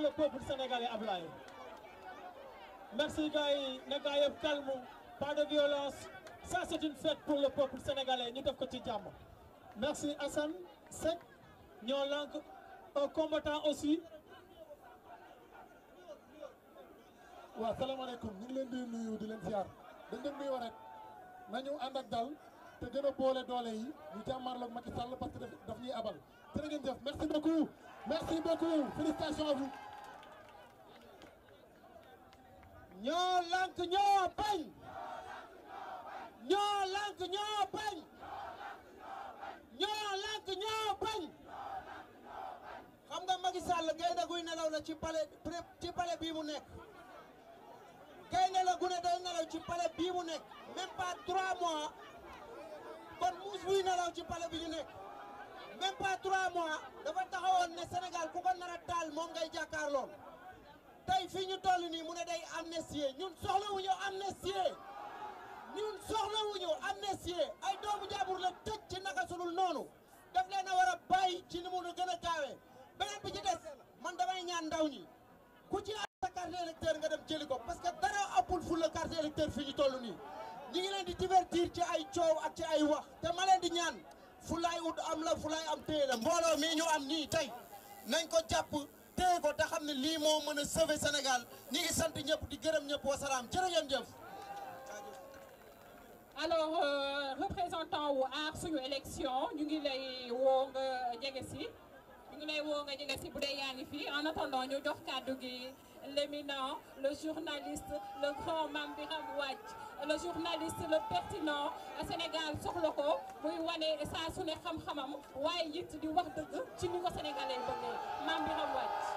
pour le peuple sénégalais Ablaye merci gars yi na gars yëpp calme pas de violence ça c'est une fête pour le peuple sénégalais ñu def ko ci jàmm merci Assane Seck ñoo lank un combattant aussi waaw salaamaaleykum ñu ngi leen di nuyu di leen ziar dañ leen nuyoo rek nañu ànd ak dal te gën a boole doole yi ñu jàmmarloog Macky Sall parce que daf ñuy abal jërë ngeen jëf merci beaucoup merci beaucoup félicitations à ñoo lànk ñoo bañ ñoo lànk ñoo bañ xam nga Macky Sall gaynde guy nelaw la ci palais ci palais bii mu nekk gaynde la ne day nelaw ci pale bii mu nekk même pas trois mois kon muus buy nelaw ci pale bi ñu nekk même pas trois mois dafa taxawoon ne Sénégal ku ko a taal moom ngay jàkkaarloon tey fii ñu toll mu ne day am ne amnistie ñun soxlawuñu amnistie ñun soxlawuñu amnistie ay doomu jaabur la tëj ci naka sulul noonu daf leen a war a bàyyi ci ni mu gën a gaawee beneen bi ci des man damay ñaan ndaw ñi ku ci am sa carte nga dem jëli ko parce que dara appul ful la carte électeur fi ñu toll nii ñi ngi leen ci ay coow ak ci ay wax te ma leen di ñaan fu laay ut am la fu laay am téye la mbooloo mii ñu am nii tey nañ ko jàpp téye ko te xam ne lii moo mën a sauver Sénégal ñi ngi sant ñëpp di gërëm ñëpp wasalaam jërë ngeen jëf. alors euh, représentant wu aar suñu élection ñu ngi lay woo nga jege si ñu ngi lay woo nga jege si bu dee yaa ngi fii en attendant ñu jox kàddu gi l'éminent le journaliste le grand Mame Birame Wathie le journaliste le pertinent Sénégal soxla ko muy wane saa su ne xam-xamam waaye it di wax dëgg ci ni ko sénégalais bëggee Mame Birame Wathie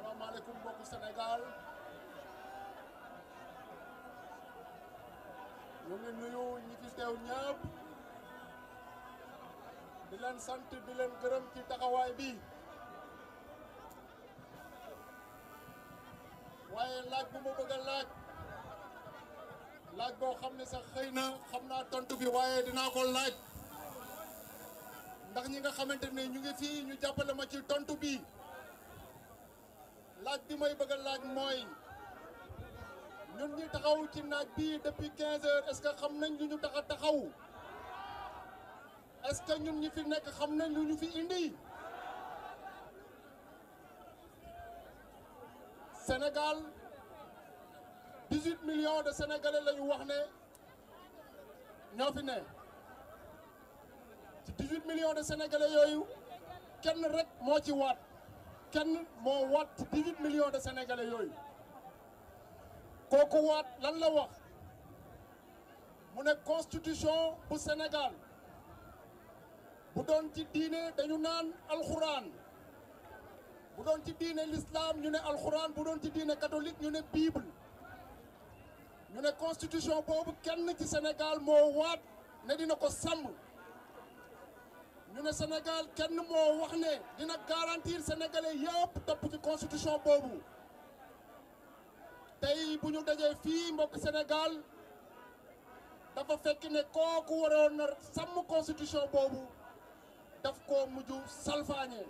salaamaaleykum mbokku Sénégal ñu ngi nuyu ñi fi teew ñëpp di leen sant di leen gërëm ci taxawaay bi waaye laaj bu ma bëgg laaj laaj boo xam ne sax xëy na xam naa tontu bi waaye dinaa ko laaj ndax ñi nga xamante ne ñu ngi fii ñu jàppale ma ci tontu bi. laaj bi may bëgg a laaj mooy ñun ñi taxaw ci naaj bii depuis 15 heures xam nañ lu ñu tax a taxaw est-ce que ñun ñi fi nekk xam nañ ñu ñu fi indi. senegal 18 millions de sénégalais la ñu wax ne ñoo fi ne ci 18 millions de sénégalais yooyu kenn rek moo ci waat. kenn moo waat ci de sénégalais yooyu kooku waat lan la wax mu ne constitution bu Sénégal bu doon ci diine dañu naan alxuraan bu doon ci diine l'islam ñu ne alxuraan bu doon ci diine katolik ñu ne bible ñu ne constitution boobu kenn ci Sénégal moo waat ne dina ko sàmm. ñu ne Sénégal kenn moo wax ne dina garantir sénégalais yëpp topp ci constitution boobu tey bu ñu dajee fii mbokk Sénégal dafa fekk ne kooku waroon na sàmm constitution boobu daf ko mujj salfaañe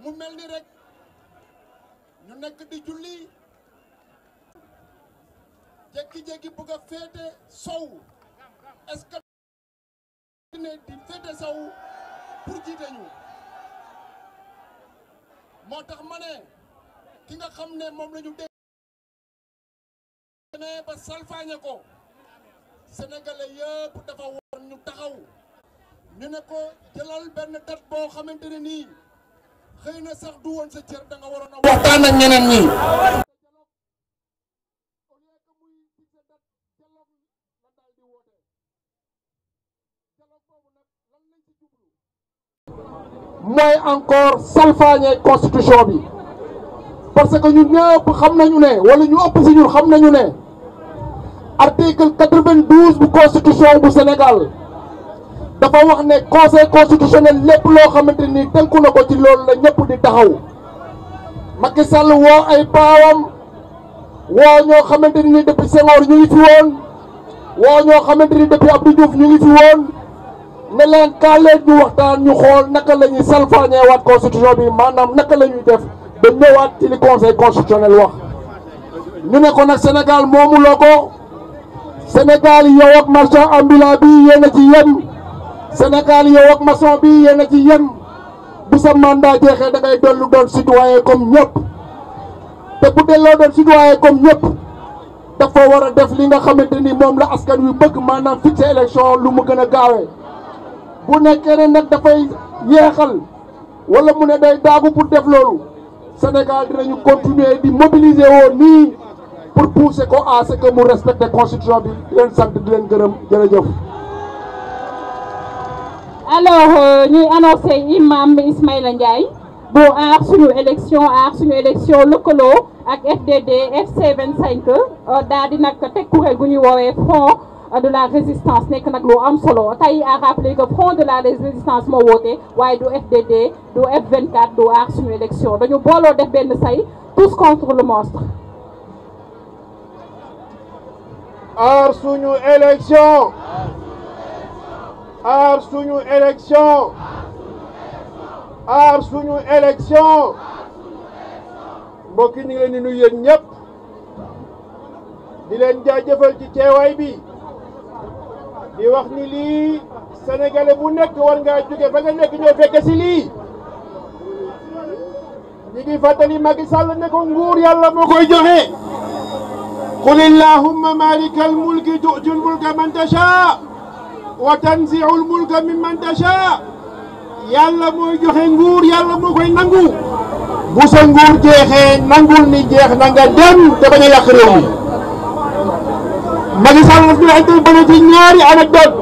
mu mel ni rek ñu nekk di julli jékki-jékki bëgg a féete sow est ne di féete saw pour jiite ñu moo tax ma ne ki nga xam ne moom la ñu dégg ba salfaañe ko sénégalais yëpp dafa war ñu taxaw ñu ne ko jëlal benn date boo xamante ne nii xëy na sax du woon sa cër danga nga waroon a waxtaan a ñeneen ñi au lieu mooy encore salfaañe constitution bi parce que ñun ñëpp xam nañu ne wala ñu ëpp si ñun xam nañu ne article quatre-vingt-douze bu constitution bu senegal dafa wax ne conseil constitutionnel lépp loo xamante ni tënku na ko ci loolu la ñëpp di taxaw Macky Sall woo ay paawam woo ñoo xamante ni depuis Senghor ñu ngi fi woon woo ñoo xamante ni depuis Abdou Diouf ñu ngi fi woon ne leen kaa leen ñu waxtaan ñu xool naka lañuy ñuy salfaañee waat constitution bi maanaam naka la def ba ñëwaat ci li conseil constitutionnel wax ñu ne ko nag Sénégal moomu loo ko Sénégal yow ak marchand ambulant bi yéen a ci yem Sénégal yow ak maçon bi yéen ci yem bu sa mandat jeexee da ngay dellu doon citoyen comme ñëpp te bu doon citoyen comme ñëpp dafa war a def li nga xamante ni moom la askan wi bëgg maanaam fixer élection lu mu gën a gaawee bu nekkee ne nag dafay yeexal wala mu ne day daagu pour def loolu Sénégal dinañu continuer di mobiliser woo nii pour pousser ko à mu respecter constitution bi leen sant di leen gërëm jërëjëf. alors euh, ñuy annoncé imam Ismaïla Ndiaye bu aar suñu élection aar élection lëkkaloo ak FDD FC 25 daal di nag teg kuréel gu ñuy woowee fond. de la résistance nekk nag lu am solo tey a rappelé que front de la résistance moo woote waaye du FDD du F24 du aar suñu élection dañu booloo def benn say tous contre le monstre aar suñu élection aar suñu élection aar suñu élection mbokk yi ñu ngi leen di nuyu yéen ñëpp di leen bi di wax ni lii sénégalais bu nekk war ngaa jóge ba nga nekk ñoo fekke si lii ñi ngi fàttali Macky Sall ne ko nguur yàlla moo koy joxe qul illahumma malika almulki tu'ti almulka man tasha wa tanzi'u almulka mimman tasha yàlla mooy joxe nguur yàlla moo koy nangu bu sa nguur jeexee nangul ni jeex na nga dem te bañ a yàq Macky Sall daf ñu interpellé ci ñaari anecdote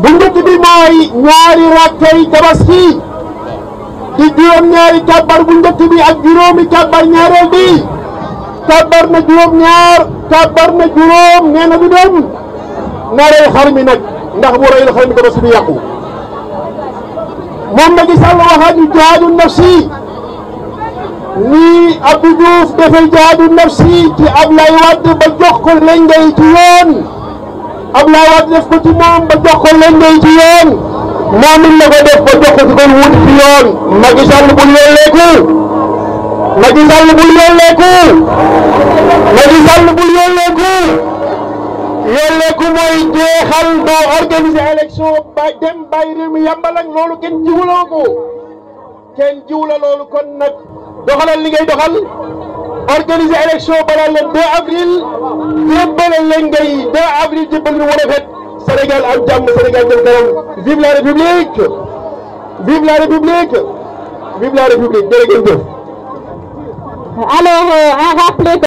bu njëkk bi mooy ñaari rakkay tabaski di juróom-ñaari kàbbar bu njëkk bi ak juróomi kàbbar ñaareel bi kàbbar na juróom-ñaar kàbbar na juróom nee na du dem na rey xar mi nag ndax bu reyul xar mi tabaski bi yàqu moom Macky Sall waxaat ñu jaadu nafsi ni ci Abdou Diouf dafay jaadu nafsi ci Ablaye Wade ba jox ko lengay ci yoon Ablaye Wade def ko ci moom ba jox ko lengay ci yoon moom it ko def ba jox ko ci kon wut ci yoon Macky Sall bul yolleeku Macky Sall bul yolleeku Macky Sall bul yolleeku yolleeku mooy jeexal doo organiser élection ba dem bàyyi réew mi yàmbal ak loolu kenn jiwuloo ko kenn jiwla loolu kon nag doxalal li ngay doxal organiser élection balaa le 2 avril jébbalal leen ngay 2 avril jébbal ñu war a fet Sénégal am jàmm Sénégal jëm kanam vive la République vive la République vive la République jërëjëf. Alors, euh, à rappeler que...